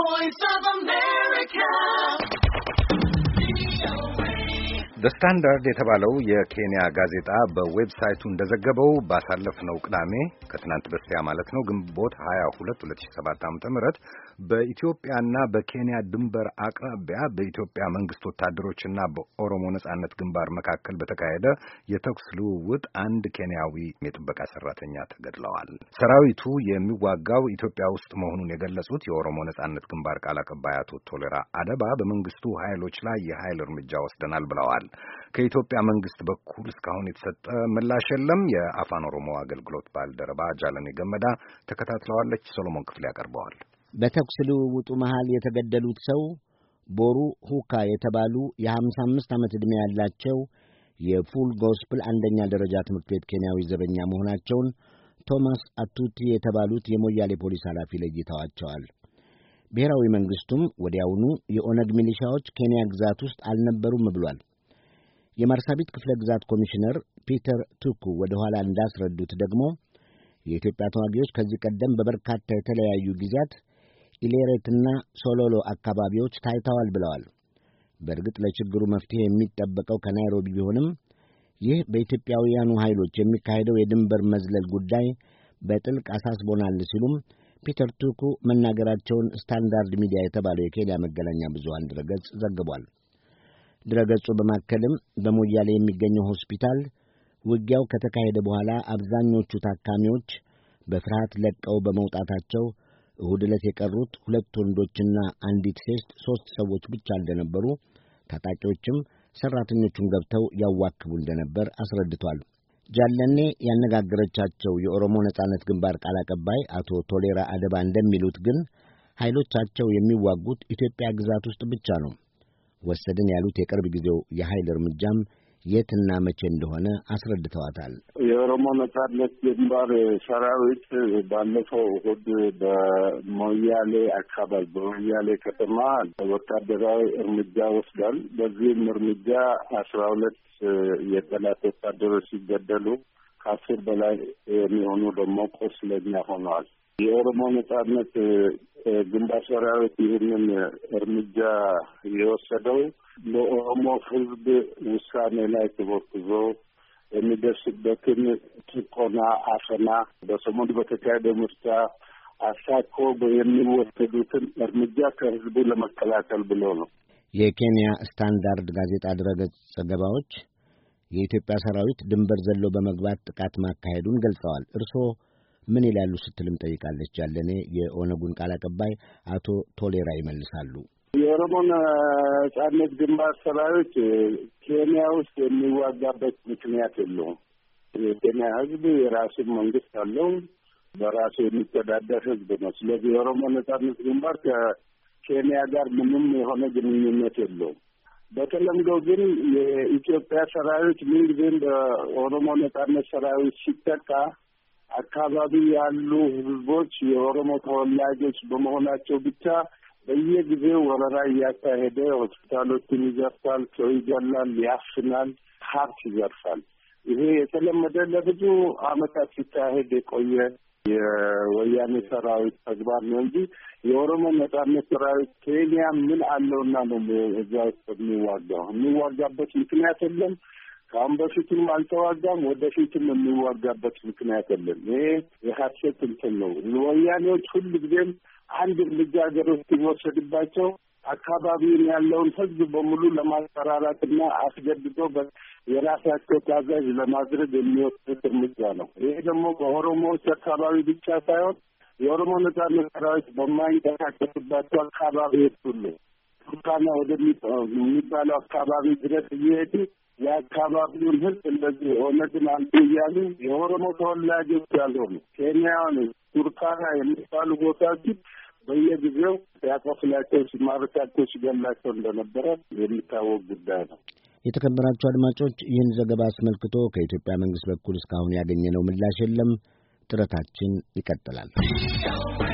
ዘ ስታንዳርድ የተባለው የኬንያ ጋዜጣ በዌብሳይቱ እንደዘገበው ባሳለፍነው ቅዳሜ ከትናንት በስቲያ ማለት ነው ግንቦት 22 2007 ዓ.ም በኢትዮጵያና በኬንያ ድንበር አቅራቢያ በኢትዮጵያ መንግስት ወታደሮችና በኦሮሞ ነጻነት ግንባር መካከል በተካሄደ የተኩስ ልውውጥ አንድ ኬንያዊ የጥበቃ ሰራተኛ ተገድለዋል። ሰራዊቱ የሚዋጋው ኢትዮጵያ ውስጥ መሆኑን የገለጹት የኦሮሞ ነጻነት ግንባር ቃል አቀባይ አቶ ቶሌራ አደባ በመንግስቱ ኃይሎች ላይ የኃይል እርምጃ ወስደናል ብለዋል። ከኢትዮጵያ መንግስት በኩል እስካሁን የተሰጠ ምላሽ የለም። የአፋን ኦሮሞ አገልግሎት ባልደረባ ጃለኔ ገመዳ ተከታትለዋለች። ሰሎሞን ክፍሌ ያቀርበዋል። በተኩስ ልውውጡ መሃል የተገደሉት ሰው ቦሩ ሁካ የተባሉ የ55 ዓመት ዕድሜ ያላቸው የፉል ጎስፕል አንደኛ ደረጃ ትምህርት ቤት ኬንያዊ ዘበኛ መሆናቸውን ቶማስ አቱቲ የተባሉት የሞያሌ ፖሊስ ኃላፊ ለይተዋቸዋል። ብሔራዊ መንግሥቱም ወዲያውኑ የኦነግ ሚሊሻዎች ኬንያ ግዛት ውስጥ አልነበሩም ብሏል። የማርሳቢት ክፍለ ግዛት ኮሚሽነር ፒተር ቱኩ ወደ ኋላ እንዳስረዱት ደግሞ የኢትዮጵያ ተዋጊዎች ከዚህ ቀደም በበርካታ የተለያዩ ጊዜያት ኢሌሬትና ሶሎሎ አካባቢዎች ታይተዋል ብለዋል። በእርግጥ ለችግሩ መፍትሄ የሚጠበቀው ከናይሮቢ ቢሆንም ይህ በኢትዮጵያውያኑ ኃይሎች የሚካሄደው የድንበር መዝለል ጉዳይ በጥልቅ አሳስቦናል ሲሉም ፒተር ቱኩ መናገራቸውን ስታንዳርድ ሚዲያ የተባለው የኬንያ መገናኛ ብዙሃን ድረገጽ ዘግቧል። ድረገጹ በማከልም በሞያሌ የሚገኘው ሆስፒታል ውጊያው ከተካሄደ በኋላ አብዛኞቹ ታካሚዎች በፍርሃት ለቀው በመውጣታቸው እሁድ ዕለት የቀሩት ሁለት ወንዶችና አንዲት ሴት ሦስት ሰዎች ብቻ እንደነበሩ፣ ታጣቂዎችም ሠራተኞቹን ገብተው ያዋክቡ እንደነበር አስረድቷል። ጃለኔ ያነጋገረቻቸው የኦሮሞ ነጻነት ግንባር ቃል አቀባይ አቶ ቶሌራ አደባ እንደሚሉት ግን ኃይሎቻቸው የሚዋጉት ኢትዮጵያ ግዛት ውስጥ ብቻ ነው። ወሰድን ያሉት የቅርብ ጊዜው የኃይል እርምጃም የትና መቼ እንደሆነ አስረድተዋታል። የኦሮሞ ነጻነት ግንባር ሰራዊት ባለፈው እሁድ በሞያሌ አካባቢ በሞያሌ ከተማ ወታደራዊ እርምጃ ወስዷል። በዚህም እርምጃ አስራ ሁለት የጠላት ወታደሮች ሲገደሉ ከአስር በላይ የሚሆኑ ደግሞ ቆስለኛ ሆነዋል። የኦሮሞ ነጻነት ግንባር ሰራዊት ይህንን እርምጃ የወሰደው በኦሮሞ ሕዝብ ውሳኔ ላይ ተመርኩዞ የሚደርስበትን ጭቆና፣ አፈና በሰሞኑ በተካሄደ ምርጫ አሳኮ የሚወሰዱትን እርምጃ ከህዝቡ ለመከላከል ብሎ ነው። የኬንያ ስታንዳርድ ጋዜጣ ድረገጽ ዘገባዎች የኢትዮጵያ ሰራዊት ድንበር ዘሎ በመግባት ጥቃት ማካሄዱን ገልጸዋል። እርስዎ ምን ይላሉ ስትልም ጠይቃለች። ያለኔ የኦነጉን ቃል አቀባይ አቶ ቶሌራ ይመልሳሉ። የኦሮሞን ነጻነት ግንባር ሰራዊት ኬንያ ውስጥ የሚዋጋበት ምክንያት የለውም። የኬንያ ህዝብ የራሱን መንግስት አለው፣ በራሱ የሚተዳደር ህዝብ ነው። ስለዚህ የኦሮሞ ነጻነት ግንባር ከኬንያ ጋር ምንም የሆነ ግንኙነት የለውም። በተለምዶ ግን የኢትዮጵያ ሰራዊት ምንጊዜም በኦሮሞ ነጻነት ሰራዊት ሲጠቃ አካባቢ ያሉ ህዝቦች የኦሮሞ ተወላጆች በመሆናቸው ብቻ በየጊዜው ወረራ እያካሄደ ሆስፒታሎችን ይዘርፋል፣ ሰው ይገላል፣ ያፍናል፣ ሀብት ይዘርፋል። ይሄ የተለመደ ለብዙ አመታት ሲካሄድ የቆየ የወያኔ ሰራዊት ተግባር ነው እንጂ የኦሮሞ ነጻነት ሰራዊት ኬንያ ምን አለውና ነው እዛ ውስጥ የሚዋጋው? የሚዋጋበት ምክንያት የለም። ከአሁን በፊትም አልተዋጋም፣ ወደፊትም የሚዋጋበት ምክንያት የለም። ይሄ የሀሰት እንትን ነው። ወያኔዎች ሁሉ ጊዜም አንድ እርምጃ ሀገር ውስጥ ይወሰድባቸው አካባቢውን ያለውን ህዝብ በሙሉ ለማስፈራራትና አስገድዶ የራሳቸው ታዛዥ ለማድረግ የሚወስዱት እርምጃ ነው። ይሄ ደግሞ በኦሮሞዎች አካባቢ ብቻ ሳይሆን የኦሮሞ ነጻነት ሰራዊት በማይንቀሳቀስባቸው አካባቢዎች ሁሉ ቱርካና ወደሚባለው አካባቢ ድረስ እየሄዱ የአካባቢውን ህዝብ እንደዚህ ኦነግን አንዱ እያሉ የኦሮሞ ተወላጆች ያልሆኑ ኬንያን ቱርካና የሚባሉ ግን በየጊዜው ሲያቆስላቸው፣ ሲማርካቸው፣ ሲገላቸው እንደነበረ የሚታወቅ ጉዳይ ነው። የተከበራችሁ አድማጮች ይህን ዘገባ አስመልክቶ ከኢትዮጵያ መንግስት በኩል እስካሁን ያገኘነው ምላሽ የለም። ጥረታችን ይቀጥላል።